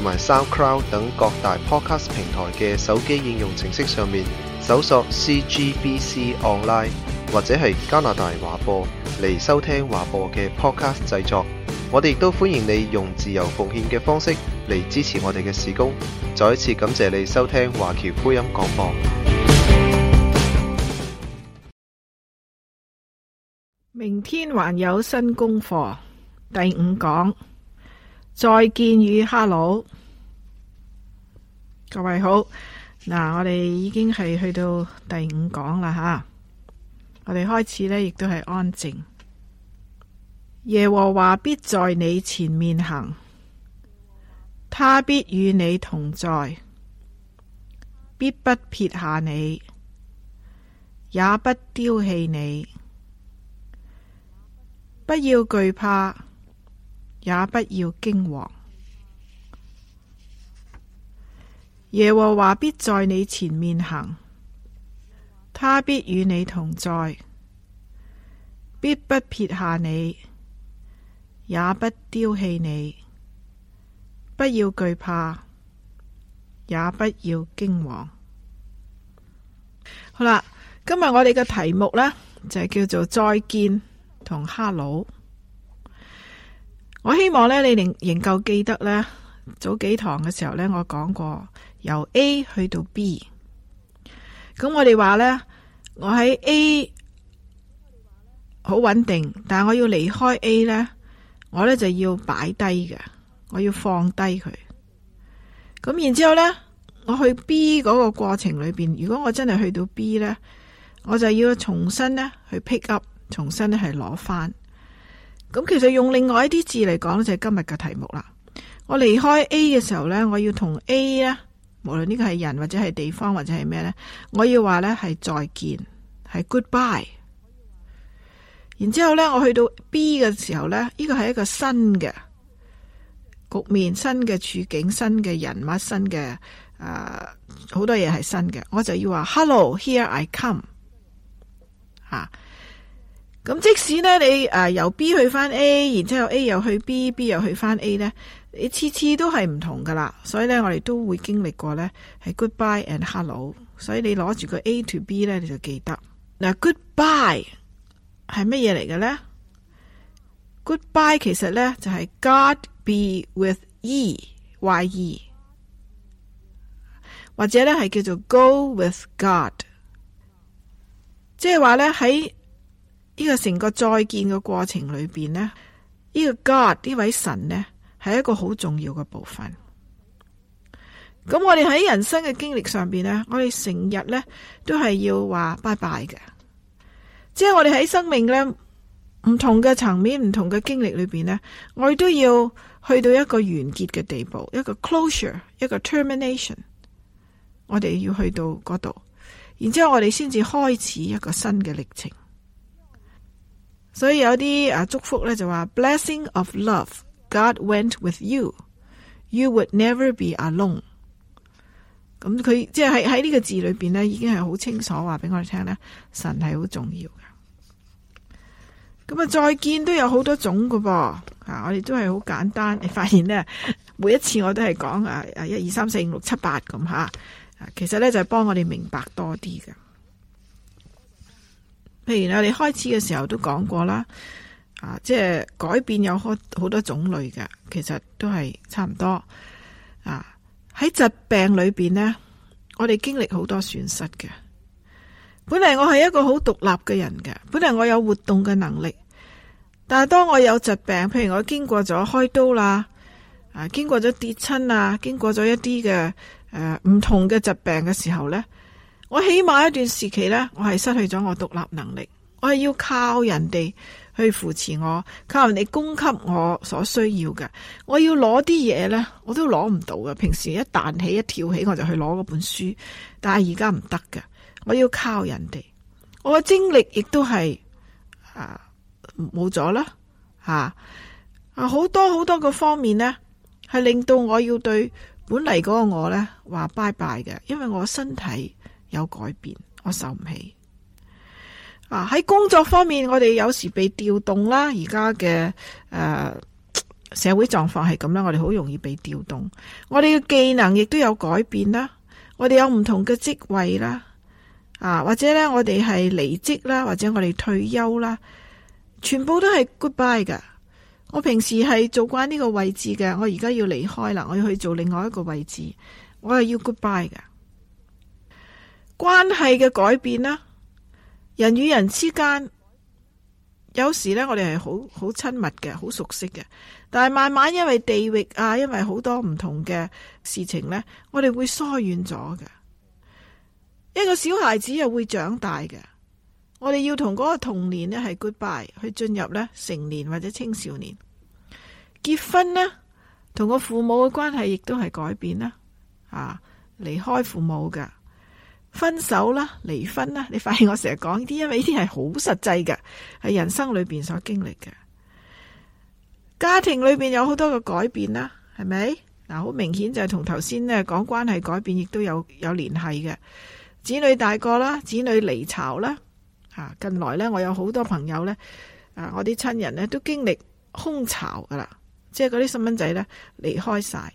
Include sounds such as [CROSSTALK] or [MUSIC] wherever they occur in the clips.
同埋 SoundCloud 等各大 Podcast 平台嘅手機應用程式上面搜索 CGBC Online 或者係加拿大華播嚟收聽華播嘅 Podcast 製作。我哋亦都歡迎你用自由奉獻嘅方式嚟支持我哋嘅事工。再一次感謝你收聽華僑福音廣播。明天還有新功課第五講，再見與 Hello。各位好，嗱，我哋已經係去到第五講啦吓，我哋開始咧，亦都係安靜。耶和華必在你前面行，他必與你同在，必不撇下你，也不丟棄你。不要懼怕，也不要驚惶。耶和華必在你前面行，他必與你同在，必不撇下你，也不丟棄你。不要懼怕，也不要驚惶。好啦，今日我哋嘅題目呢，就係叫做再見同 hello。我希望呢，你仍仍夠記得呢，早幾堂嘅時候呢，我講過。由 A 去到 B，咁我哋話呢，我喺 A 好穩定，但係我要離開 A 呢我呢就要擺低嘅，我要放低佢。咁然之後呢我去 B 嗰個過程裏邊，如果我真係去到 B 呢我就要重新呢去 pick up，重新呢係攞翻。咁其實用另外一啲字嚟講，就係今日嘅題目啦。我離開 A 嘅時候呢，我要同 A 呢無論呢個係人或者係地方或者係咩呢？我要話呢係再見，係 Goodbye。然之後呢，我去到 B 嘅時候呢，呢、這個係一個新嘅局面，新嘅處境，新嘅人物，新嘅誒，好多嘢係新嘅，我就要話 Hello，here I come。吓、啊，咁即使呢，你誒、呃、由 B 去翻 A，然之後 A 又去 B，B 又去翻 A 呢。你次次都係唔同噶啦，所以咧我哋都會經歷過咧，係 goodbye and hello。所以你攞住個 A to B 咧，你就記得。嗱，goodbye 係乜嘢嚟嘅咧？goodbye 其實咧就係 God be with ye, y e ye，或者咧係叫做 go with God。即係話咧喺呢個成個再見嘅過程裏邊咧，呢個 God 呢位神咧。係一個好重要嘅部分。咁我哋喺人生嘅經歷上邊呢，我哋成日呢都係要話拜拜嘅，即係我哋喺生命呢唔同嘅層面、唔同嘅經歷裏邊呢，我哋都要去到一個完結嘅地步，一個 closure，一個 termination。我哋要去到嗰度，然之後我哋先至開始一個新嘅歷程。所以有啲啊祝福呢，就話 [NOISE] blessing of love。God went with you. You would never be alone. 咁佢即係喺喺呢個字裏邊呢，已經係好清楚話俾我哋聽咧，神係好重要噶。咁啊，再見都有好多種噶噃吓。我哋都係好簡單。你、哎、發現咧，每一次我都係講啊 1, 2, 3, 4, 5, 6, 7, 8, 啊一二三四五六七八咁吓，其實咧，就係、是、幫我哋明白多啲噶。譬如我哋開始嘅時候都講過啦。啊，即係改變有好好多種類嘅，其實都係差唔多啊。喺疾病裏邊呢，我哋經歷好多損失嘅。本嚟我係一個好獨立嘅人嘅，本嚟我有活動嘅能力，但係當我有疾病，譬如我經過咗開刀啦，啊，啊，經過咗跌親啊，經過咗一啲嘅誒唔同嘅疾病嘅時候呢，我起碼一段時期呢，我係失去咗我獨立能力，我係要靠人哋去扶持我，靠人哋供給我所需要嘅。我要攞啲嘢呢，我都攞唔到嘅。平時一彈起一跳起，我就去攞嗰本書。但係而家唔得嘅，我要靠人哋。我嘅精力亦都係啊冇咗啦，吓啊好多好多個方面呢，係令到我要對本嚟嗰個我呢話拜拜嘅，因為我身體有改變，我受唔起。啊！喺工作方面，我哋有時被調動啦。而家嘅誒社會狀況係咁啦，我哋好容易被調動。我哋嘅技能亦都有改變啦。我哋有唔同嘅職位啦，啊或者咧我哋係離職啦，或者我哋退休啦，全部都係 goodbye 噶。我平時係做慣呢個位置嘅，我而家要離開啦，我要去做另外一個位置，我係要 goodbye 噶。關係嘅改變啦。人與人之間，有時呢，我哋係好好親密嘅，好熟悉嘅。但係慢慢因為地域啊，因為好多唔同嘅事情呢，我哋會疏遠咗嘅。一個小孩子又會長大嘅，我哋要同嗰個童年呢係 goodbye，去進入呢成年或者青少年。結婚呢，同個父母嘅關係亦都係改變啦，啊，離開父母嘅。分手啦，離婚啦，你發現我成日講呢啲，因為呢啲係好實際嘅，係人生裏邊所經歷嘅。家庭裏邊有好多個改變啦，係咪？嗱、啊，好明顯就係同頭先呢講關係改變，亦都有有聯繫嘅。子女大個啦，子女離巢啦，啊、近來呢，我有好多朋友呢，啊，我啲親人呢都經歷空巢噶啦，即係嗰啲細蚊仔呢離開晒，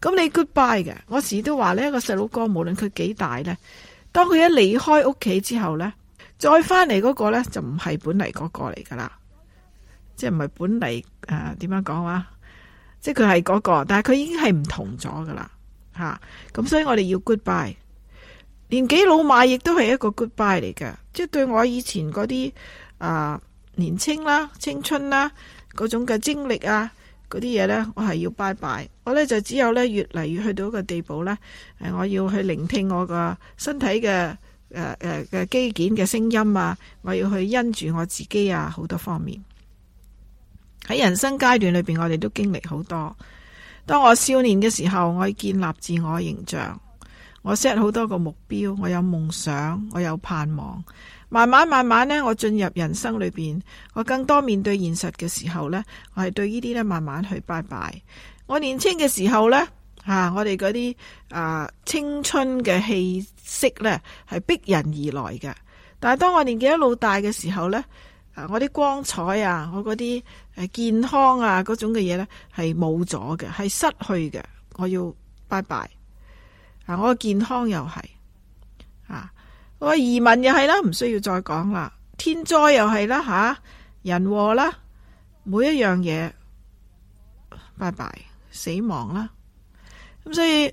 咁你 goodbye 嘅，我時都話呢一個細佬哥無論佢幾大呢。當佢一離開屋企之後呢，再翻嚟嗰個呢，就唔係本嚟嗰、嗰個嚟噶啦，即係唔係本嚟誒點樣講話？即係佢係嗰個，但係佢已經係唔同咗噶啦吓。咁、啊、所以我哋要 goodbye，年紀老邁亦都係一個 goodbye 嚟㗎，即係對我以前嗰啲誒年青啦、青春啦嗰種嘅精力啊。嗰啲嘢呢，我係要拜拜我呢，就只有呢，越嚟越去到一個地步呢。誒，我要去聆聽我個身體嘅誒誒嘅肌腱嘅聲音啊，我要去因住我自己啊，好多方面喺人生階段裏邊，我哋都經歷好多。當我少年嘅時候，我建立自我的形象，我 set 好多個目標，我有夢想，我有盼望。慢慢慢慢咧，我進入人生裏邊，我更多面對現實嘅時候呢，我係對這些呢啲呢慢慢去拜拜。我年輕嘅時候呢，吓、啊、我哋嗰啲啊青春嘅氣息呢係逼人而來嘅，但係當我年紀一路大嘅時候呢，啊我啲光彩啊，我嗰啲健康啊嗰種嘅嘢呢係冇咗嘅，係失去嘅，我要拜拜。啊，我健康又係啊。移民又係啦，唔需要再講啦。天災又係啦，吓，人禍啦，每一樣嘢，拜拜，死亡啦。咁所以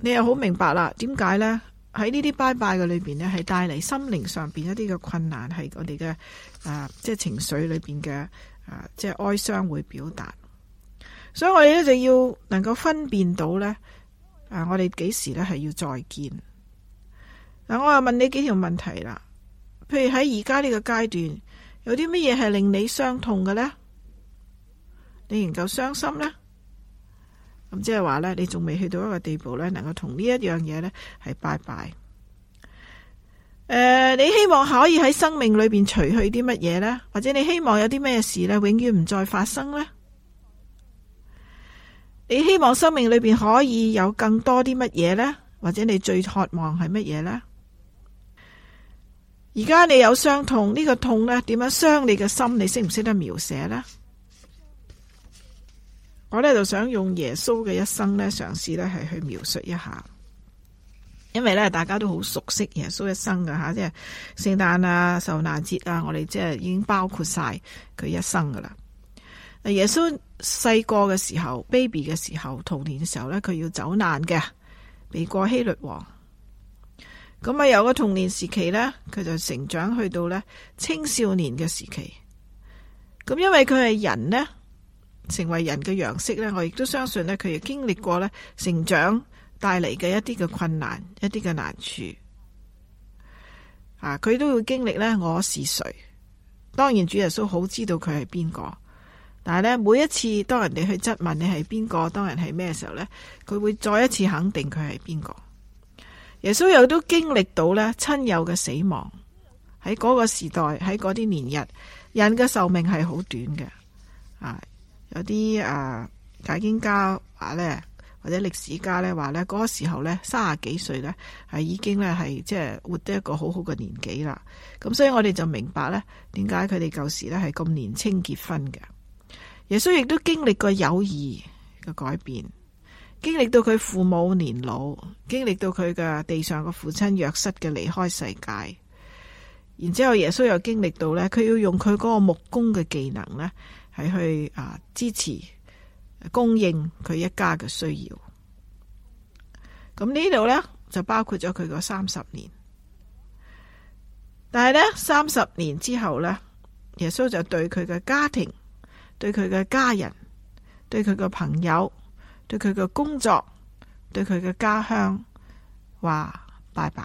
你又好明白啦，點解呢？喺呢啲拜拜嘅裏邊呢，係帶嚟心靈上邊一啲嘅困難，係我哋嘅啊，即係情緒裏邊嘅啊，即係哀傷會表達。所以我哋一直要能夠分辨到呢，啊、呃，我哋幾時呢係要再見。嗱，我又問你幾條問題啦。譬如喺而家呢個階段，有啲乜嘢係令你傷痛嘅呢？你能夠傷心呢？咁即係話呢，你仲未去到一個地步呢，能夠同呢一樣嘢呢係拜拜。誒、呃，你希望可以喺生命裏邊除去啲乜嘢呢？或者你希望有啲咩事呢永遠唔再發生呢？你希望生命裏邊可以有更多啲乜嘢呢？或者你最渴望係乜嘢呢？而家你有傷痛，呢個痛呢點樣傷你嘅心？你識唔識得描寫呢？我呢就想用耶穌嘅一生呢，嘗試呢係去描述一下，因為呢大家都好熟悉耶穌一生噶吓，即係聖誕啊、受難節啊，我哋即係已經包括晒佢一生噶啦。耶穌細個嘅時候，baby 嘅時候，童年嘅時候呢，佢要走難嘅，避過希律王。咁啊，由個童年時期咧，佢就成長去到咧青少年嘅時期。咁因為佢係人咧，成為人嘅樣式咧，我亦都相信咧，佢亦經歷過咧成長帶嚟嘅一啲嘅困難，一啲嘅難處。啊，佢都會經歷咧，我是誰？當然，主耶穌好知道佢係邊個。但係咧，每一次當人哋去質問你係邊個，當人係咩時候咧，佢會再一次肯定佢係邊個。耶穌又都經歷到咧親友嘅死亡，喺嗰個時代喺嗰啲年日，人嘅壽命係好短嘅。啊，有啲誒、啊、解經家話咧，或者歷史家咧話咧，嗰、嗰個時候咧三十幾歲咧係已經咧係即係活得一個好好嘅年紀啦。咁所以我哋就明白咧，點解佢哋舊時咧係咁年青結婚嘅。耶穌亦都經歷過友誼嘅改變。經歷到佢父母年老，經歷到佢嘅地上個父親約瑟嘅離開世界，然之後耶穌又經歷到呢，佢要用佢嗰個木工嘅技能呢，係去啊支持供應佢一家嘅需要。咁呢度呢，就包括咗佢嗰三十年，但係呢，三十年之後呢，耶穌就對佢嘅家庭、對佢嘅家人、對佢個朋友。對佢嘅工作，對佢嘅家鄉，話拜拜。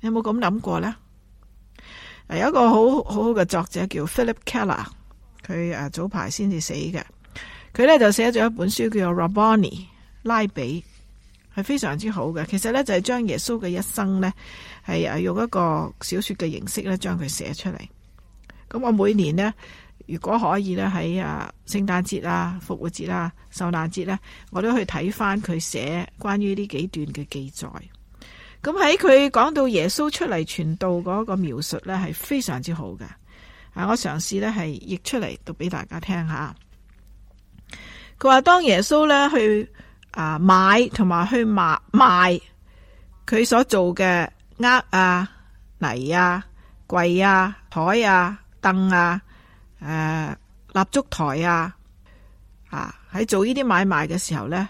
你有冇咁諗過呢？有一個好好好嘅作者叫 Philip Keller，佢誒早排先至死嘅，佢咧就寫咗一本書叫做《Rabboni 拉比》，係非常之好嘅。其實咧就係、是、將耶穌嘅一生咧係誒用一個小說嘅形式咧將佢寫出嚟。咁我每年呢。如果可以咧，喺啊聖誕節啊、復活節啊、受難節咧，我都去睇返佢寫關於呢幾段嘅記載。咁喺佢講到耶穌出嚟傳道嗰個描述咧，係非常之好嘅。啊，我嘗試咧係譯出嚟讀俾大家聽一下。佢話當耶穌咧去啊買同埋去賣賣佢所做嘅呃啊泥啊櫃啊海啊凳啊。誒、呃，蠟燭台啊，啊喺做呢啲買賣嘅時候咧，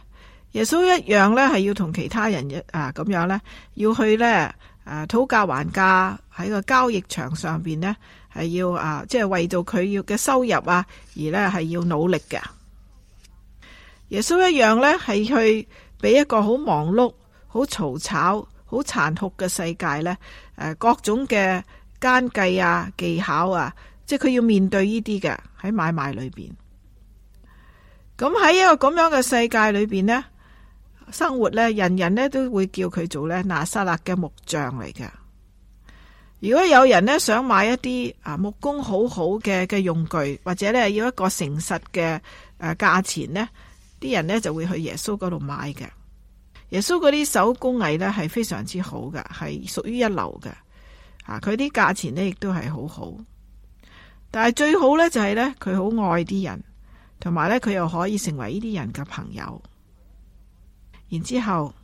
耶穌一樣咧係要同其他人一啊咁樣咧，要去咧誒討價還價，喺個交易場上邊呢，係要啊即係、就是、為到佢要嘅收入啊而咧係要努力嘅。耶穌一樣咧係去俾一個好忙碌、好嘈吵、好殘酷嘅世界咧，誒、啊、各種嘅奸計啊技巧啊。即係佢要面對呢啲嘅喺買賣裏邊，咁喺一個咁樣嘅世界裏邊呢，生活呢，人人呢都會叫佢做呢拿撒勒嘅木匠嚟嘅。如果有人呢想買一啲啊木工好好嘅嘅用具，或者呢要一個誠實嘅誒價錢呢，啲人呢就會去耶穌嗰度買嘅。耶穌嗰啲手工藝呢係非常之好嘅，係屬於一流嘅啊。佢啲價錢呢亦都係好好。但係最好咧，就係咧，佢好愛啲人，同埋咧，佢又可以成為呢啲人嘅朋友。然之後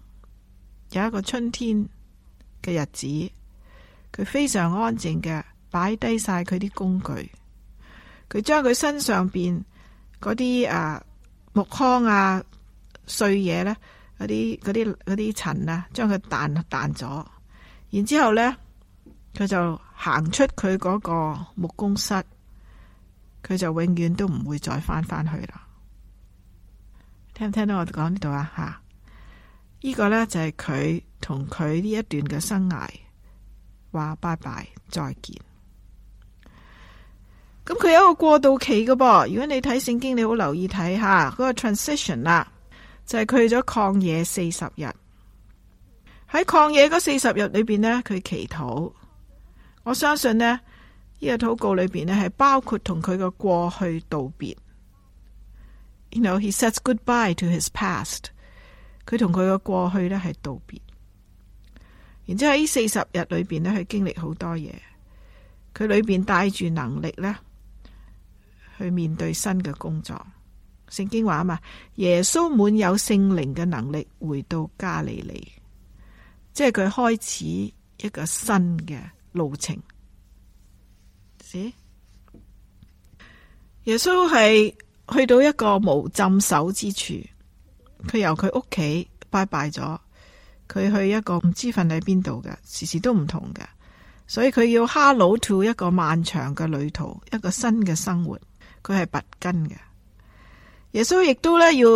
有一個春天嘅日子，佢非常安靜嘅擺低晒佢啲工具，佢將佢身上邊嗰啲啊木糠啊碎嘢咧，嗰啲嗰啲啲塵啊，將佢彈彈咗。然之後咧，佢就行出佢嗰個木工室。佢就永遠都唔會再翻返去啦，聽唔聽到我講呢度啊？吓，呢個呢，就係佢同佢呢一段嘅生涯，話拜拜再見。咁佢有一個過渡期嘅噃，如果你睇聖經，你好留意睇下嗰個 transition 啦，就係佢咗曠野四十日，喺曠野嗰四十日裏邊呢，佢祈禱，我相信呢。呢、這個禱告裏邊咧係包括同佢個過去道別，You know, he says goodbye to his past。佢同佢個過去呢係道別，然之後喺四十日裏邊呢，佢經歷好多嘢，佢裏邊帶住能力呢，去面對新嘅工作。聖經話啊嘛，耶穌滿有聖靈嘅能力回到加利利，即係佢開始一個新嘅路程。耶穌係去到一個無枕首之處，佢由佢屋企拜拜咗，佢去一個唔知瞓喺邊度嘅，時時都唔同嘅，所以佢要 hello to 一個漫長嘅旅途，一個新嘅生活，佢係拔根嘅。耶穌亦都呢，要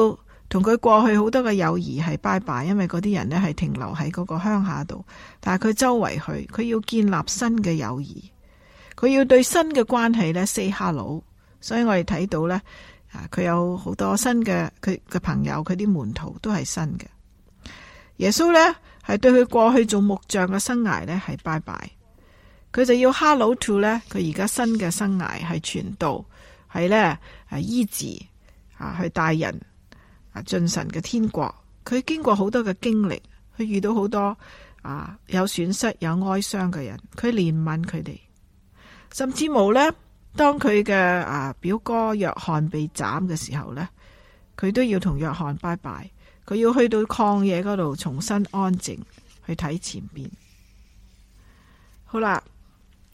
同佢過去好多嘅友誼係拜拜，因為嗰啲人呢係停留喺嗰個鄉下度，但係佢周圍去，佢要建立新嘅友誼。佢要對新嘅關係咧 say hello，所以我哋睇到咧啊，佢有好多新嘅佢嘅朋友，佢啲門徒都係新嘅。耶穌咧係對佢過去做木匠嘅生涯咧係拜拜，佢就要 hello to 咧。佢而家新嘅生涯係傳道，係咧啊醫治啊去帶人啊進神嘅天國。佢經過好多嘅經歷，佢遇到好多啊有損失有哀傷嘅人，佢憐憫佢哋。甚至冇呢，當佢嘅啊表哥約翰被斬嘅時候呢，佢都要同約翰拜拜，佢要去到曠野嗰度重新安靜去睇前邊。好啦，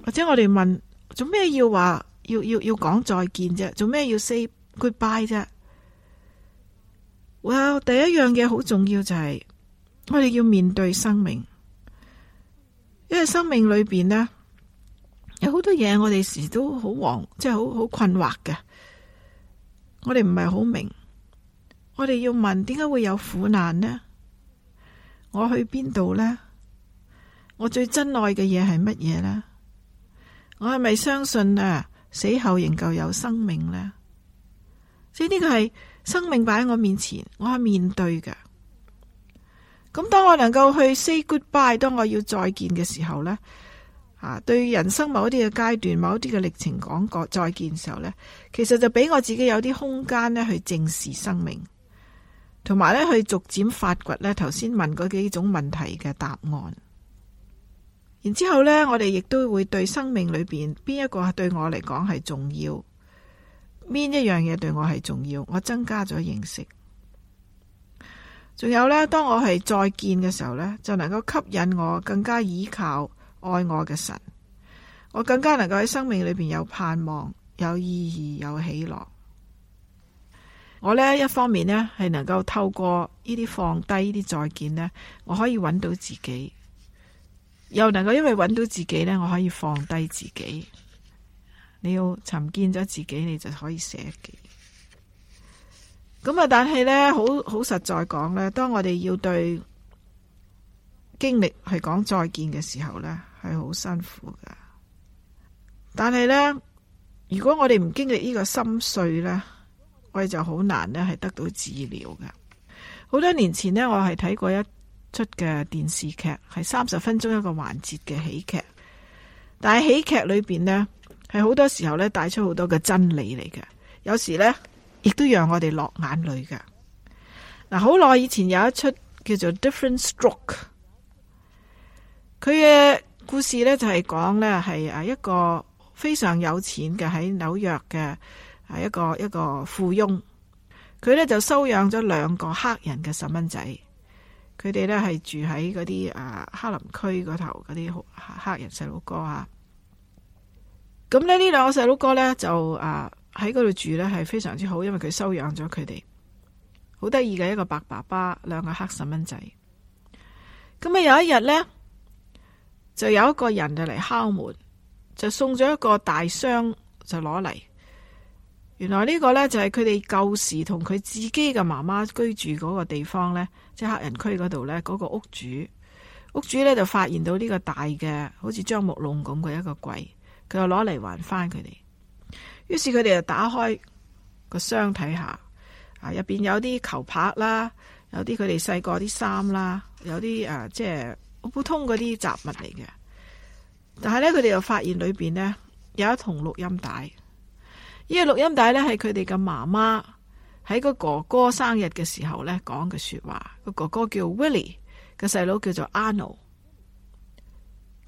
或者我哋問，做咩要話要要要講再見啫？做咩要 say goodbye 啫？哇，第一樣嘢好重要就係我哋要面對生命，因為生命裏邊呢。有好多嘢我哋時都好旺，即係好好困惑嘅。我哋唔係好明，我哋要問點解會有苦難呢？我去邊度呢？我最珍愛嘅嘢係乜嘢呢？我係咪相信啊？死後仍舊有生命呢？所以呢個係生命擺喺我面前，我係面對嘅。咁當我能夠去 say goodbye，當我要再見嘅時候呢。啊！對人生某一啲嘅階段、某一啲嘅歷程講過再見嘅時候呢，其實就俾我自己有啲空間去正視生命，同埋去逐漸發掘呢頭先問嗰幾種問題嘅答案。然之後呢，我哋亦都會對生命裏邊邊一個對我嚟講係重要，邊一樣嘢對我係重要，我增加咗認識。仲有呢，當我係再見嘅時候呢，就能夠吸引我更加依靠。愛我嘅神，我更加能夠喺生命裏邊有盼望、有意義、有喜樂。我呢一方面呢，係能夠透過呢啲放低呢啲再見呢，我可以揾到自己，又能夠因為揾到自己呢，我可以放低自己。你要尋見咗自己，你就可以寫記。咁啊，但係呢，好好實在講呢，當我哋要對經歷去講再見嘅時候呢。係好辛苦噶，但係呢，如果我哋唔經歷呢個心碎呢，我哋就好難咧係得到治療噶。好多年前呢，我係睇過一出嘅電視劇，係三十分鐘一個環節嘅喜劇。但係喜劇裏邊呢，係好多時候咧帶出好多嘅真理嚟嘅，有時呢，亦都讓我哋落眼淚噶。嗱，好耐以前有一出叫做《Different Stroke》，佢嘅。故事呢就係講呢，係一個非常有錢嘅喺紐約嘅一個一個，一個富翁，佢呢就收養咗兩個黑人嘅細蚊仔，佢哋呢係住喺嗰啲啊哈林區嗰頭嗰啲黑黑人細佬哥啊，咁呢，呢兩個細佬哥呢就啊喺嗰度住呢係非常之好，因為佢收養咗佢哋，好得意嘅一個白爸爸兩個黑細蚊仔，咁啊有一日呢。就有一個人就嚟敲門，就送咗一個大箱就攞嚟。原來呢個呢，就係佢哋舊時同佢自己嘅媽媽居住嗰個地方呢，即係黑人區嗰度呢，嗰個屋主，屋主呢就發現到呢個大嘅，好似樟木籠咁嘅一個櫃，佢就攞嚟還返佢哋。於是佢哋就打開個箱睇下，啊入邊有啲球拍啦，有啲佢哋細個啲衫啦，有啲誒、啊、即係。普通嗰啲雜物嚟嘅，但係咧佢哋又發現裏邊呢有一桶錄音帶，呢、呢個錄音帶呢係佢哋嘅媽媽喺個哥哥生日嘅時候呢講嘅說話，個哥哥叫 Willie，個細佬叫做 Arnold，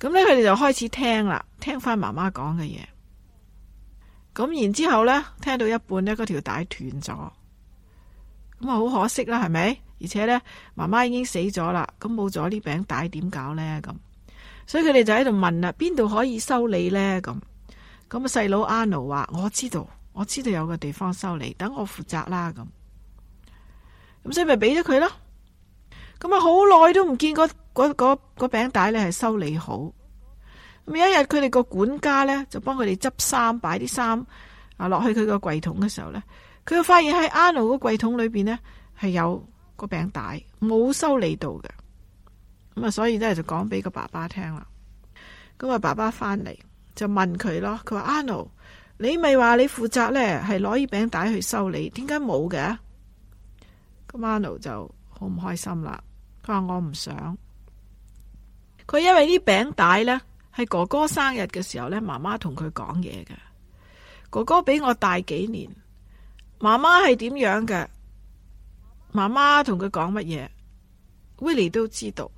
咁呢，佢哋就開始聽啦，聽翻媽媽講嘅嘢，咁然之後呢聽到一半呢，嗰條帶斷咗，咁啊好可惜啦，係咪？而且咧，媽媽已經死咗啦，咁冇咗呢餅帶點搞咧？咁所以佢哋就喺度問啦，邊度可以修理咧？咁咁啊，細佬阿奴話我知道，我知道有個地方修理，等我負責啦。咁咁所以咪俾咗佢咯。咁啊，好耐都唔見嗰嗰嗰嗰餅帶咧係修理好咁。有一日，佢哋個管家咧就幫佢哋執衫擺啲衫啊落去佢個櫃桶嘅時候咧，佢就發現喺阿奴個櫃桶裏邊呢，係有。個餅帶冇修理到嘅，咁啊，所以咧就講俾個爸爸聽啦。咁啊，爸爸翻嚟，就問佢咯，佢話阿 n 你咪話你負責咧，係攞啲餅帶去修理，點解冇嘅？咁阿 n 就好唔開心啦，佢話我唔想。佢因為啲餅帶咧係哥哥生日嘅時候咧，媽媽同佢講嘢嘅。哥哥比我大幾年，媽媽係點樣嘅？媽媽同佢講乜嘢，Willie 都知道，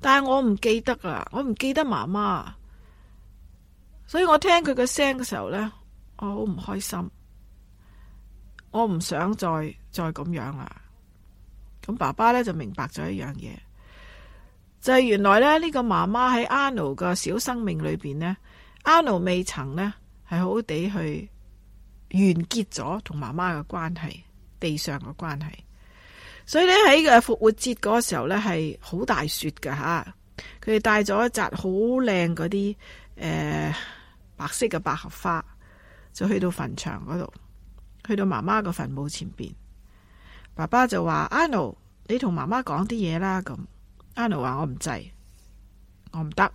但係我唔記得啦，我唔記得媽媽，所以我聽佢嘅聲嘅時候呢，我好唔開心，我唔想再再咁樣啦。咁爸爸呢，就明白咗一樣嘢，就係、是、原來呢呢、呢個媽媽喺 Arnold 嘅小生命裏邊呢 Arnold 未曾呢係好地去完結咗同媽媽嘅關係，地上嘅關係。所以咧喺個復活節嗰時候咧係好大雪㗎。吓，佢哋帶咗一紮好靚嗰啲誒白色嘅百合花，就去到墳場嗰度，去到媽媽個墳墓前邊。爸爸就話 a n n，你同媽媽講啲嘢啦。咁 a n n 話：我唔制，我唔得。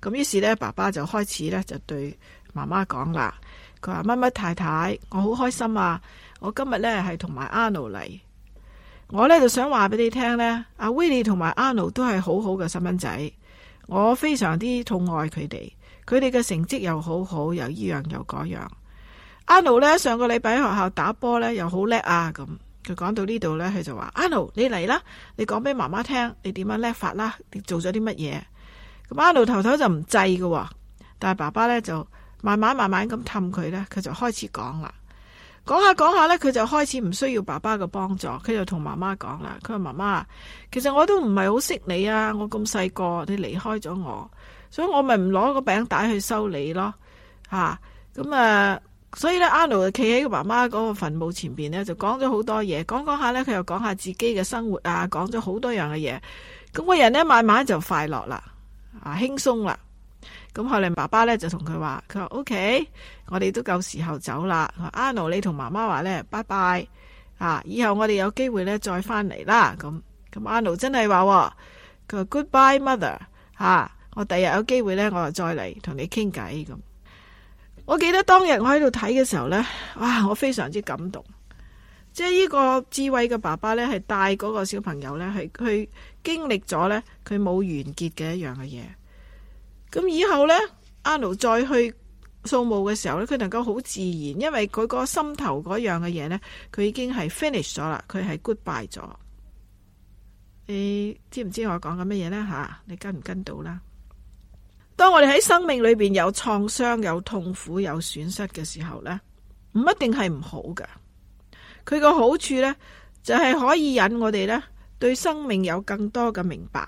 咁於是咧，爸爸就開始咧就對媽媽講啦。佢話：乜乜太太，我好開心啊！我今日咧係同埋 a n n 嚟。我咧就想話俾你聽咧，阿 Willie 同埋阿奴都係好好嘅細蚊仔，我非常之痛愛佢哋，佢哋嘅成績又好好，又依樣又嗰樣。阿奴咧上個禮拜喺學校打波咧，又好叻啊！咁佢講到呢度咧，佢就話：阿奴，你嚟啦，你講俾媽媽聽，你點樣叻法啦？你做咗啲乜嘢？咁阿奴頭頭就唔制嘅，但係爸爸咧就慢慢慢慢咁氹佢咧，佢就開始講啦。講下講下咧，佢就開始唔需要爸爸嘅幫助，佢就同媽媽講啦。佢話，媽媽，其實我都唔係好識你啊，我咁細個，你離開咗我，所以我咪唔攞個餅帶去收你咯，吓、啊、咁啊。所以咧，阿奴就企喺佢媽媽嗰個墳墓前邊咧，就講咗好多嘢，講講下咧，佢又講下自己嘅生活啊，講咗好多樣嘅嘢，咁、那個人咧慢慢就快樂啦，啊輕鬆啦。咁後嚟爸爸咧就同佢話，佢話 OK，我哋都夠時候走啦。阿奴你同媽媽話咧，拜拜啊！以後我哋有機會咧再翻嚟啦。咁咁阿奴真係話佢 Goodbye Mother 啊！我第日有機會咧，我就再嚟同你傾偈。咁我記得當日我喺度睇嘅時候咧，哇、啊！我非常之感動，即係呢個智慧嘅爸爸咧，係帶嗰個小朋友咧，係去經歷咗咧，佢冇完結嘅一樣嘅嘢。咁以後呢，阿奴再去掃墓嘅時候呢，佢能夠好自然，因為佢個心頭嗰樣嘅嘢呢，佢已經係 finish 咗啦，佢係 goodbye 咗。你知唔知我講緊乜嘢呢？吓，你跟唔跟到啦？當我哋喺生命裏邊有創傷、有痛苦、有損失嘅時候呢，唔一定係唔好噶。佢個好處呢，就係、是、可以引我哋呢對生命有更多嘅明白。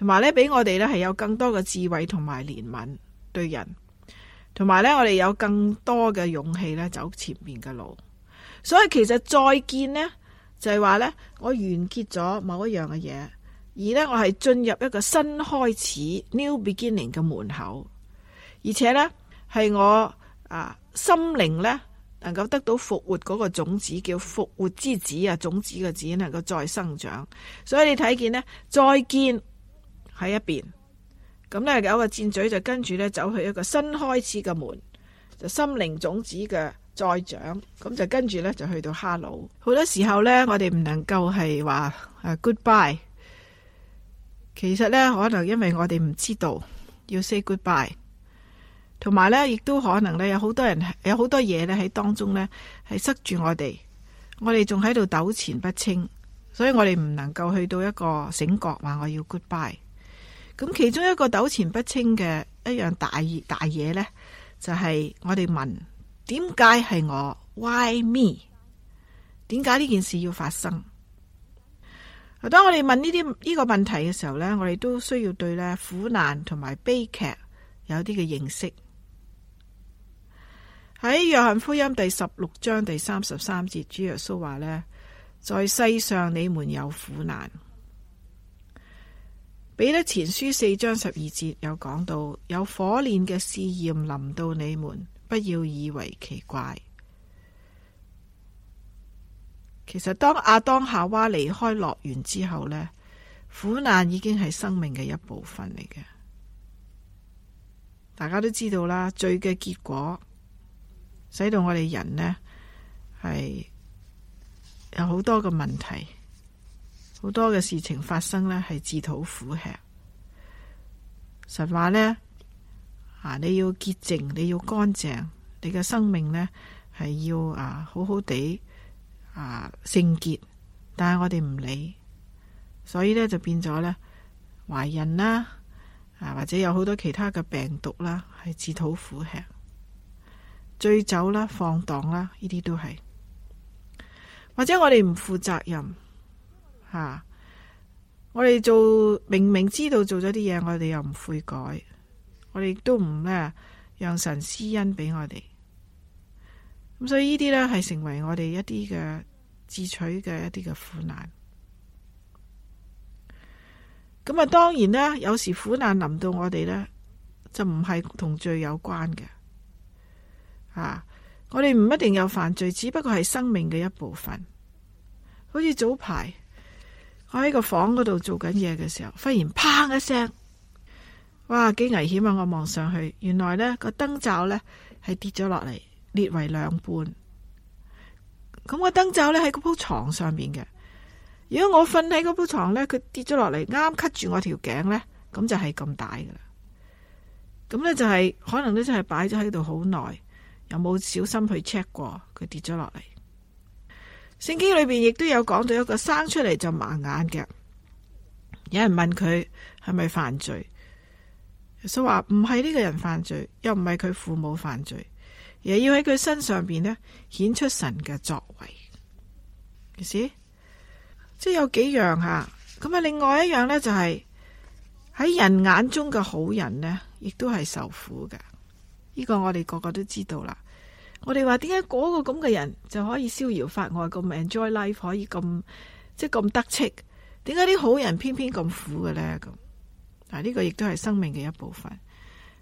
同埋咧，俾我哋咧係有更多嘅智慧同埋憐憫對人，同埋咧我哋有更多嘅勇氣咧走前面嘅路。所以其實再見呢，就係話呢，我完結咗某一樣嘅嘢，而呢，我係進入一個新開始 （new beginning） 嘅門口，而且呢，係我啊心靈呢能夠得到復活嗰個種子叫復活之子啊，種子嘅子能夠再生長。所以你睇見呢，再見。喺一邊咁呢，有個箭嘴就跟住呢走去一個新開始嘅門，就心靈種子嘅再長。咁就跟住呢就去到 Hello。好多時候呢，我哋唔能夠係話誒 Goodbye。其實呢，可能因為我哋唔知道要 say Goodbye，同埋呢亦都可能呢有好多人有好多嘢呢喺當中呢係塞住我哋，我哋仲喺度糾纏不清，所以我哋唔能夠去到一個醒覺，話我要 Goodbye。咁其中一個糾纏不清嘅一樣大大嘢呢，就係我哋問，點解係我？Why me？點解呢件事要發生？當我哋問呢啲呢個問題嘅時候呢，我哋都需要對呢苦難同埋悲劇有啲嘅認識。喺約翰福音第十六章第三十三節，主耶穌話呢，在世上你們有苦難。彼得前書四章十二節有講到，有火煉嘅試驗臨到你們，不要以為奇怪。其實當亞當夏娃離開樂園之後呢，苦難已經係生命嘅一部分嚟嘅。大家都知道啦，罪嘅結果，使到我哋人呢係有好多嘅問題。好多嘅事情發生呢，係自討苦吃。實話呢，啊你要潔淨，你要乾淨，你嘅生命呢，係要啊好好地啊聖潔，但係我哋唔理，所以呢，就變咗呢懷孕啦啊，或者有好多其他嘅病毒啦，係自討苦吃，醉酒啦，放蕩啦，呢啲都係，或者我哋唔負責任。吓、啊！我哋做明明知道做咗啲嘢，我哋又唔悔改，我哋亦都唔咩讓神施恩俾我哋。咁所以呢啲呢，係成為我哋一啲嘅自取嘅一啲嘅苦難。咁啊，當然啦，有時苦難臨到我哋呢，就唔係同罪有關嘅。啊，我哋唔一定有犯罪，只不過係生命嘅一部分。好似早排。我喺個房嗰度做緊嘢嘅時候，忽然砰一聲，哇，幾危險啊！我望上去，原來呢個燈罩呢係跌咗落嚟，裂為兩半。咁個燈罩呢喺嗰鋪床上面嘅。如果我瞓喺嗰鋪床呢，佢跌咗落嚟，啱 cut 住我條頸呢，咁就係咁大噶啦。咁呢就係、是、可能呢都係擺咗喺度好耐，又冇小心去 check 過，佢跌咗落嚟。聖經裏邊亦都有講到一個生出嚟，就盲眼嘅。有人問佢係咪犯罪，耶穌話唔係呢個人犯罪，又唔係佢父母犯罪，而係要喺佢身上邊呢顯出神嘅作為。其實，即係有幾樣吓，咁啊，另外一樣呢，就是，就係喺人眼中嘅好人呢，亦都係受苦嘅，呢，這個我哋個個都知道啦。我哋話點解嗰個咁嘅人就可以逍遙法外，咁 enjoy life 可以咁即係咁得戚？點解啲好人偏偏咁苦嘅咧？咁嗱呢個亦都係生命嘅一部分。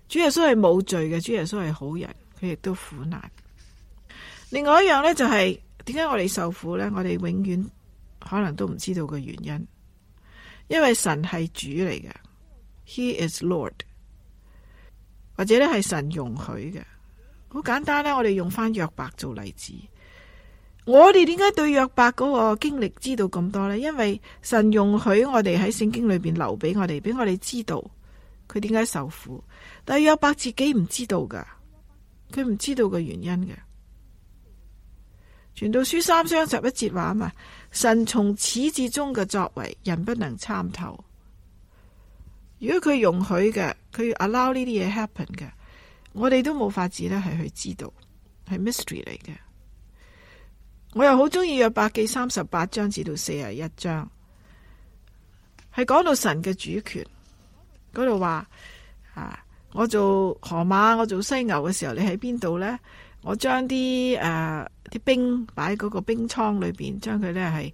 主耶穌係冇罪嘅，主耶穌係好人，佢亦都苦難。另外一樣咧就係點解我哋受苦咧？我哋永遠可能都唔知道嘅原因，因為神係主嚟嘅，He is Lord，或者咧係神容許嘅。好簡單啦，我哋用翻約伯做例子。我哋點解對約伯嗰個經歷知道咁多呢？因為神容許我哋喺聖經裏邊留俾我哋，俾我哋知道佢點解受苦。但約伯自己唔知道噶，佢唔知道嘅原因嘅。傳道書三章十一節話啊嘛，神從始至終嘅作為，人不能參透。如果佢容許嘅，佢要 allow 呢啲嘢 happen 嘅。我哋都冇法子咧，係去知道係 mystery 嚟嘅。我又好中意約伯記三十八章至到四十一章，係講到神嘅主權嗰度話啊。我做河馬，我做犀牛嘅時候，你喺邊度咧？我將啲誒啲冰擺喺嗰個冰倉裏邊，將佢咧係誒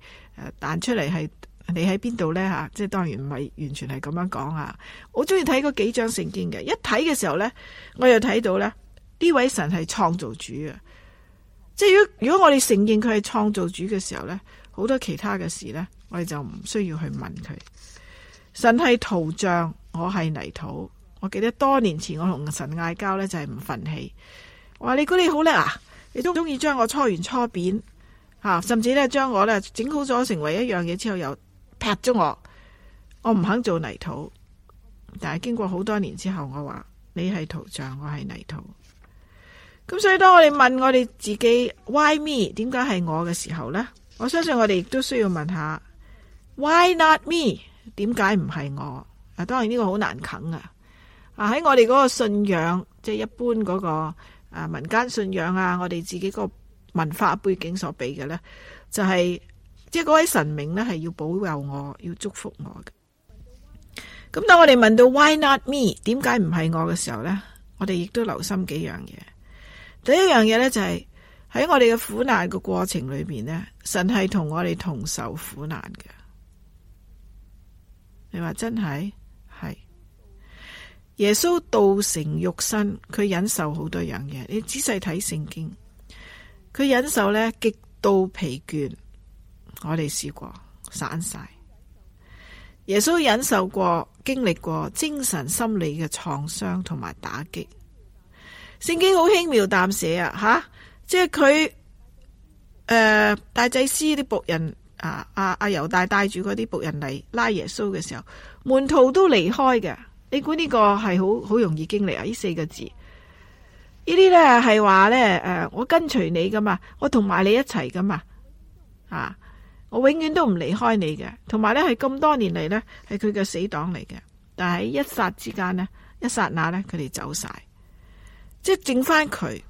彈出嚟係。你喺邊度呢？吓？即係當然唔係完全係咁樣講啊！我中意睇嗰幾張聖經嘅，一睇嘅時候呢，我又睇到呢：呢位神係創造主嘅，即係如果如果我哋承認佢係創造主嘅時候呢，好多其他嘅事呢，我哋就唔需要去問佢。神係圖像，我係泥土。我記得多年前我同神嗌交呢，就係唔忿氣。話你估你好叻啊！你都中意將我搓圓搓扁，甚至呢，將我呢整好咗成為一樣嘢之後又。嚇咗我，我唔肯做泥土。但係經過好多年之後，我話你係陶匠，我係泥土。咁所以當我哋問我哋自己 Why me？點解係我嘅時候呢？我相信我哋亦都需要問下 Why not me？點解唔係我？啊，當然呢個好難啃啊！啊喺我哋嗰個信仰，即係一般嗰個啊民間信仰啊，我哋自己個文化背景所俾嘅呢，就係。即係嗰位神明呢，係要保佑我，要祝福我嘅。咁當我哋問到 Why not me？點解唔係我嘅時候呢，我哋亦都留心幾樣嘢。第一樣嘢呢，就係喺我哋嘅苦難嘅過程裏面呢，神係同我哋同受苦難嘅。你話真係？係，耶穌道成肉身，佢忍受好多樣嘢。你仔細睇聖經，佢忍受呢極度疲倦。我哋試過散晒，耶穌忍受過、經歷過精神心理嘅創傷同埋打擊。聖經好輕描淡寫啊，吓，即係佢誒大祭司啲僕人啊啊啊，猶大帶住嗰啲僕人嚟拉耶穌嘅時候，門徒都離開嘅。你估呢個係好好容易經歷啊？呢四個字，呢啲咧係話咧誒，我跟隨你噶嘛，我同埋你一齊噶嘛，啊！我永遠都唔離開你嘅，同埋呢係咁多年嚟呢，係佢嘅死黨嚟嘅，但係一剎之間呢，一剎那呢，佢哋走晒，即係剩翻佢。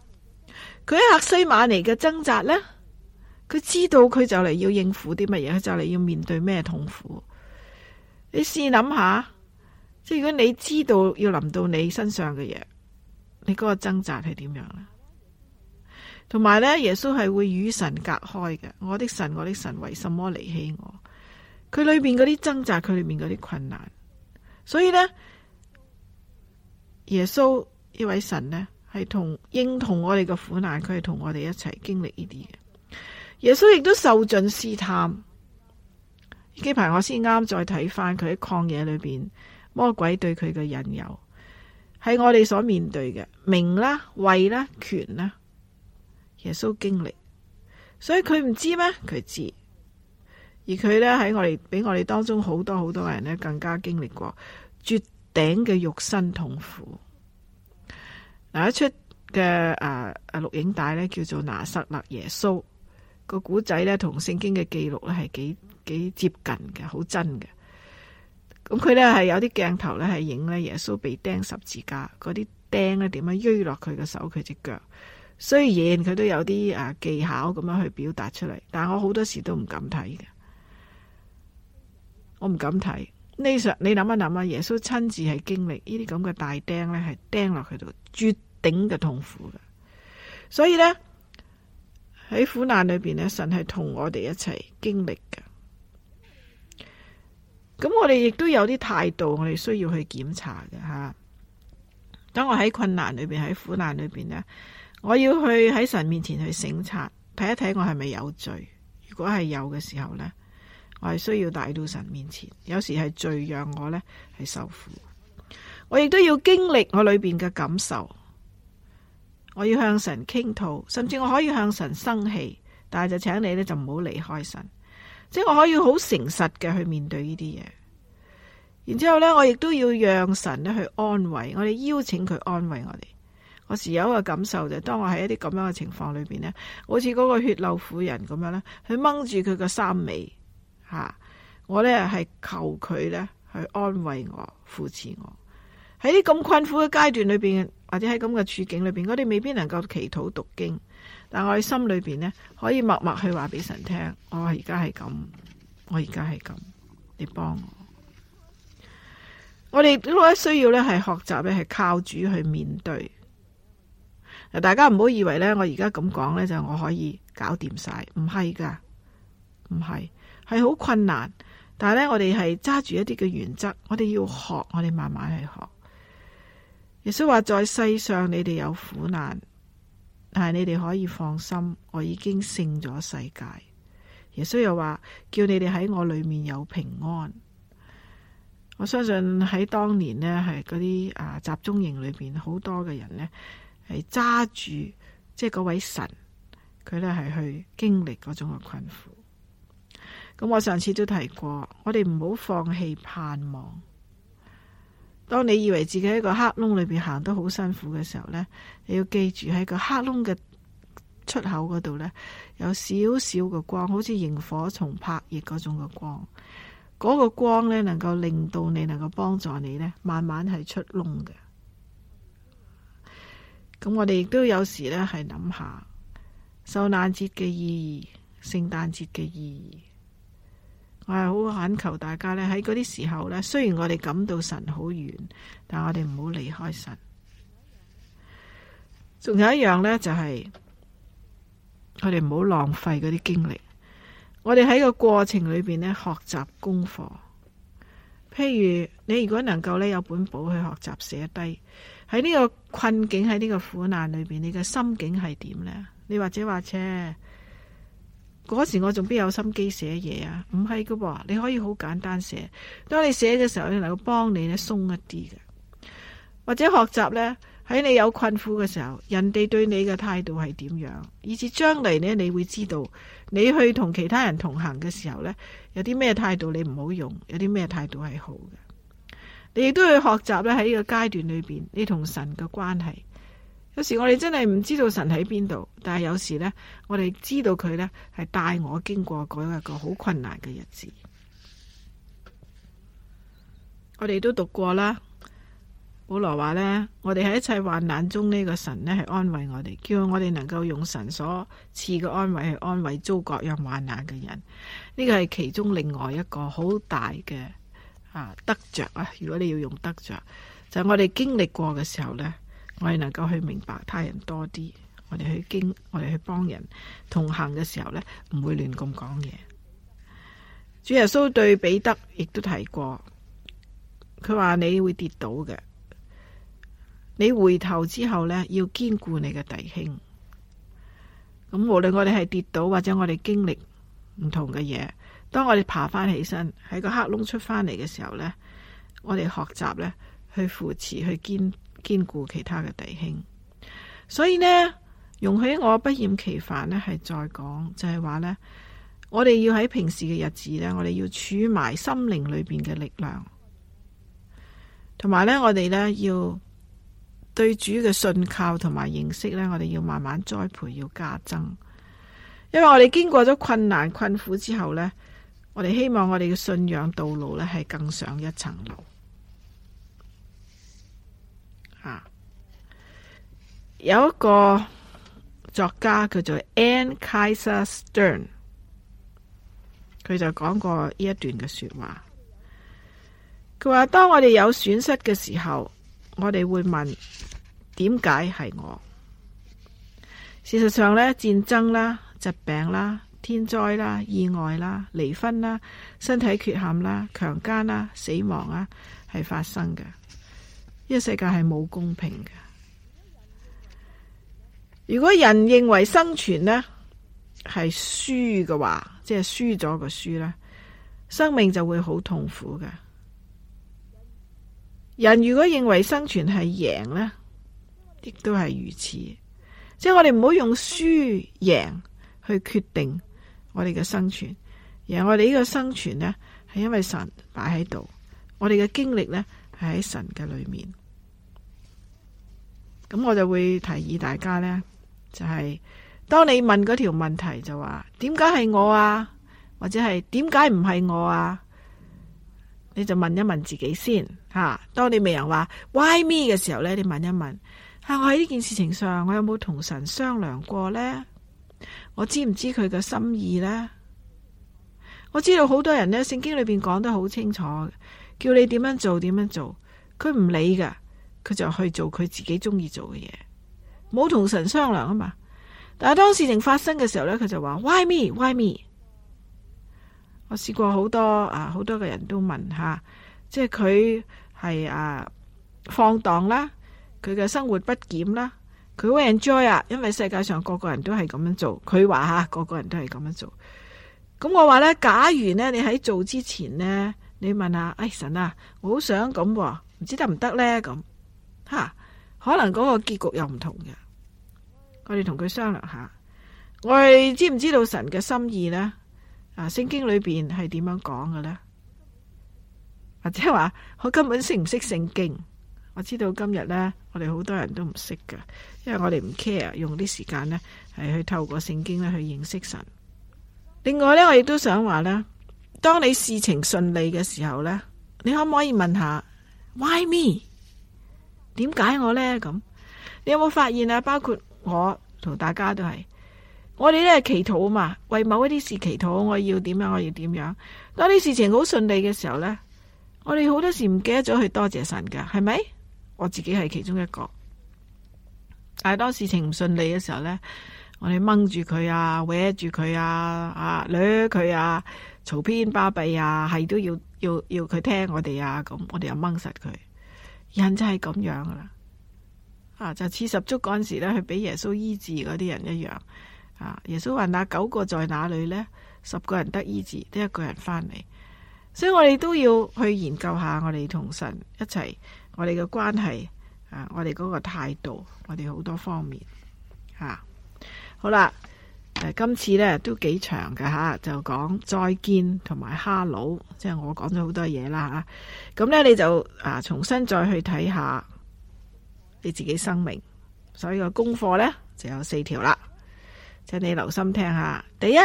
佢喺客西馬尼嘅掙扎呢，佢知道佢就嚟要應付啲乜嘢，佢就嚟要面對咩痛苦。你試諗下，即係如果你知道要臨到你身上嘅嘢，你嗰個掙扎係點樣呢？同埋咧，耶穌係會與神隔開嘅。我的神，我的神，為什麼離棄我？佢裏邊嗰啲掙扎，佢裏面嗰啲困難，所以呢，耶穌呢位神呢，係同應同我哋嘅苦難，佢係同我哋一齊經歷呢啲嘅。耶穌亦都受盡試探。呢排我先啱再睇翻佢喺曠野裏邊魔鬼對佢嘅引誘，係我哋所面對嘅名啦、位啦、權啦。耶穌經歷，所以佢唔知咩？佢知，而佢咧喺我哋比我哋當中好多好多人咧，更加經歷過絕頂嘅肉身痛苦。嗱，一出嘅誒誒錄影帶咧，叫做拿撒勒耶穌，個古仔咧同聖經嘅記錄咧係幾幾接近嘅，好真嘅。咁佢咧係有啲鏡頭咧係影咧耶穌被釘十字架，嗰啲釘咧點樣喐落佢嘅手佢隻腳。雖然佢都有啲啊技巧咁樣去表達出嚟，但係我好多時都唔敢睇嘅，我唔敢睇。你實你諗一諗啊，耶穌親自係經歷呢啲咁嘅大釘咧，係釘落去度絕頂嘅痛苦嘅。所以咧喺苦難裏邊咧，神係同我哋一齊經歷嘅。咁我哋亦都有啲態度，我哋需要去檢查嘅吓。當我喺困難裏邊，喺苦難裏邊咧，我要去喺神面前去省察，睇一睇我係咪有罪。如果係有嘅時候呢，我係需要帶到神面前。有時係罪讓我呢係受苦。我亦都要經歷我裏邊嘅感受。我要向神傾吐，甚至我可以向神生氣，但係就請你呢就唔好離開神。即係我可以好誠實嘅去面對呢啲嘢。然之後呢，我亦都要讓神呢去安慰我哋，邀請佢安慰我哋。我時有一個感受就是，當我喺一啲咁樣嘅情況裏邊呢，好似嗰個血漏婦人咁樣咧，佢掹住佢嘅衫尾吓，我咧係求佢咧去安慰我、扶持我喺啲咁困苦嘅階段裏邊，或者喺咁嘅處境裏邊，我哋未必能夠祈禱讀經，但我哋心裏邊呢，可以默默去話俾神聽，我而家係咁，我而家係咁，你幫我。我哋都係需要咧，係學習咧，係靠主去面對。大家唔好以為呢，我而家咁講呢，就係我可以搞掂晒，唔係噶，唔係，係好困難。但係呢，我哋係揸住一啲嘅原則，我哋要學，我哋慢慢去學。耶穌話：在世上你哋有苦難，但係你哋可以放心，我已經勝咗世界。耶穌又話：叫你哋喺我裏面有平安。我相信喺當年呢，係嗰啲啊集中營裏邊好多嘅人呢。係揸住，即係嗰位神，佢咧係去經歷嗰種嘅困苦。咁我上次都提過，我哋唔好放棄盼望。當你以為自己喺個黑窿裏邊行得好辛苦嘅時候呢，你要記住喺個黑窿嘅出口嗰度呢，有少少嘅光，好似螢火蟲拍翼嗰種嘅光。嗰、嗰個光呢，能夠令到你能夠幫助你呢，慢慢係出窿嘅。咁我哋亦都有時呢，係諗下受難節嘅意義、聖誕節嘅意義。我係好懇求大家呢，喺嗰啲時候呢，雖然我哋感到神好遠，但我哋唔好離開神。仲有一樣呢，就是，就係我哋唔好浪費嗰啲經歷。我哋喺個過程裏邊呢，學習功課。譬如你如果能夠呢，有本簿去學習寫低。喺呢個困境，喺呢個苦難裏邊，你嘅心境係點呢？你或者話，切嗰時我仲邊有心機寫嘢啊？唔係噶噃，你可以好簡單寫。當你寫嘅時候，你能夠幫你咧鬆一啲嘅，或者學習呢，喺你有困苦嘅時候，人哋對你嘅態度係點樣？以至將來呢，你會知道你去同其他人同行嘅時候呢，有啲咩態度你唔好用，有啲咩態度係好嘅。你亦都去學習咧，喺呢個階段裏邊，你同神嘅關係。有時我哋真係唔知道神喺邊度，但係有時呢，我哋知道佢呢係帶我經過嗰一個好困難嘅日子。我哋都讀過啦，保羅話呢，我哋喺一切患難中呢個神呢係安慰我哋，叫我哋能夠用神所賜嘅安慰去安慰遭各樣患難嘅人。呢個係其中另外一個好大嘅，啊，得着啊！如果你要用得着，就是、我哋經歷過嘅時候咧，我哋能夠去明白他人多啲，我哋去經，我哋去幫人同行嘅時候咧，唔會亂咁講嘢。主耶穌對彼得亦都提過，佢話你會跌倒嘅，你回頭之後咧要堅固你嘅弟兄。咁無論我哋係跌倒或者我哋經歷唔同嘅嘢。當我哋爬翻起身喺個黑窿出翻嚟嘅時候呢，我哋學習呢，去扶持、去兼堅，堅其他嘅弟兄。所以呢，容許我不厭其煩呢係再講，就係話呢，我哋要喺平時嘅日子呢，我哋要儲埋心靈裏邊嘅力量，同埋呢，我哋呢要對主嘅信靠同埋認識呢，我哋要慢慢栽培，要加增。因為我哋經過咗困難困苦之後呢，我哋希望我哋嘅信仰道路呢，係更上一層樓。啊，有一個作家叫做 Anne Kaiser Stern，佢就講過呢一段嘅說話。佢話：當我哋有損失嘅時候，我哋會問點解係我？事實上咧，戰爭啦，疾病啦。天災啦、意外啦、離婚啦、身體缺陷啦、強姦啦、死亡啊，係發生嘅。呢個世界係冇公平嘅。如果人認為生存呢係輸嘅話，即係輸咗個輸啦，生命就會好痛苦嘅。人如果認為生存係贏呢，亦都係如此。即係我哋唔好用輸贏去決定。我哋嘅生存，而我哋呢個生存呢，係因為神擺喺度，我哋嘅經歷呢，係喺神嘅裏面。咁我就會提議大家呢，就係、是、當你問嗰條問題就話，點解係我啊，或者係點解唔係我啊？你就問一問自己先吓、啊。當你未人話 Why me 嘅時候呢，你問一問、啊、「我喺呢件事情上，我有冇同神商量過呢？」我知唔知佢嘅心意呢？我知道好多人呢，聖經裏邊講得好清楚，叫你點樣做點樣做，佢唔理噶，佢就去做佢自己中意做嘅嘢，冇同神商量啊嘛。但係當事情發生嘅時候呢，佢就話 Why me？Why me？我試過好多啊，好多嘅人都問下，即係佢係啊放蕩啦，佢嘅生活不檢啦。佢好 enjoy 啊，因為世界上個個人都係咁樣做。佢話吓個個人都係咁樣做。咁我話呢，假如呢，你喺做之前呢，你問下，哎神啊，我好想咁，唔知得唔得呢？」咁，吓可能嗰個結局又唔同嘅。我哋同佢商量下，我哋知唔知道神嘅心意呢？啊，聖經裏邊係點樣講嘅呢？或者話我根本識唔識聖經？我知道今日呢。我哋好多人都唔識噶，因為我哋唔 care，用啲時間呢係去透過聖經咧去認識神。另外呢，我亦都想話呢，當你事情順利嘅時候呢，你可唔可以問下 Why me？點解我呢？咁，你有冇發現啊？包括我同大家都係，我哋呢係祈禱啊嘛，為某一啲事祈禱，我要點樣，我要點樣。當你事情好順利嘅時候呢，我哋好多時唔記得咗去多謝神噶，係咪？我自己係其中一個，但係當事情唔順利嘅時候咧，我哋掹住佢啊，搲住佢啊，啊，捋佢啊，嘈偏巴閉啊，係都要要要佢聽我哋啊，咁我哋又掹實佢，人真係咁樣噶啦，啊，就似十足嗰陣時咧，去俾耶穌醫治嗰啲人一樣，啊，耶穌話那九個在哪裏咧，十個人得醫治，得一個人返嚟，所以我哋都要去研究一下，我哋同神一齊。我哋嘅關係啊，我哋嗰個態度，我哋好多方面吓、啊，好啦、啊，今次呢都幾長㗎。吓、啊，就講再見同埋哈佬即係我講咗好多嘢啦吓，咁、啊、呢，你就啊重新再去睇下你自己生命，所以個功課呢，就有四條啦，請你留心聽下。第一，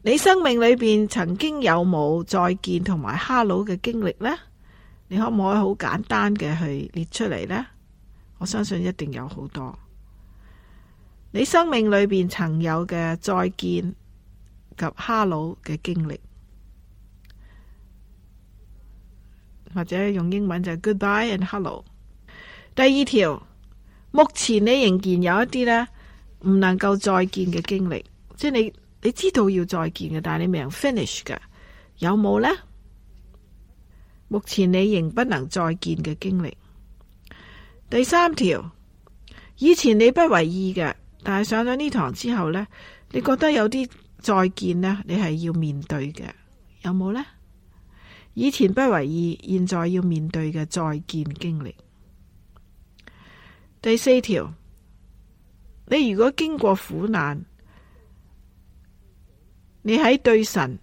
你生命裏邊曾經有冇再見同埋哈佬嘅經歷呢？你可唔可以好簡單嘅，去列出嚟呢？我相信一定有好多。你生命裏邊曾有嘅再見及 Hello 嘅經歷，或者用英文就係 Goodbye and Hello。第二條，目前你仍然有一啲呢唔能夠再見嘅經歷，即係你你知道要再見嘅，但係你未能 finish 嘅，有冇呢？目前你仍不能再見嘅經歷。第三條，以前你不為意嘅，但係上咗呢堂之後呢，你覺得有啲再見呢？你係要面對嘅，有冇呢？以前不為意，現在要面對嘅再見經歷。第四條，你如果經過苦難，你喺對神。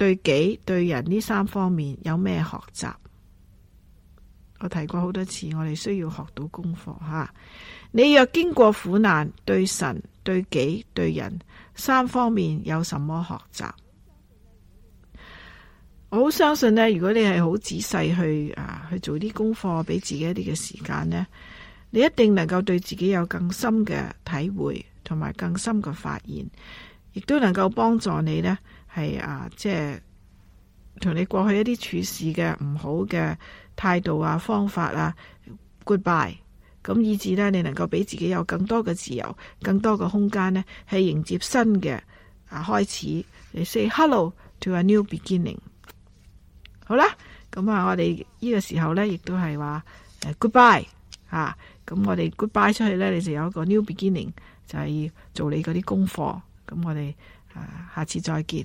對己、對人呢三方面有咩學習？我提過好多次，我哋需要學到功課吓。你若經過苦難，對神、對己、對人三方面有什麼學習我好相信呢，如果你係好仔細去啊去做啲功課，俾自己一啲嘅時間呢，你一定能夠對自己有更深嘅體會，同埋更深嘅發現，亦都能夠幫助你呢。係啊，即係同你過去一啲處事嘅唔好嘅態度啊、方法啊，goodbye。咁以至呢，你能夠俾自己有更多嘅自由、更多嘅空間呢，去迎接新嘅啊開始。你 say hello to a new beginning。好啦，咁啊，我哋呢個時候呢，亦都係話誒 goodbye 啊。咁我哋 goodbye 出去呢，你就有一個 new beginning，就係要做你嗰啲功課。咁我哋啊，下次再見。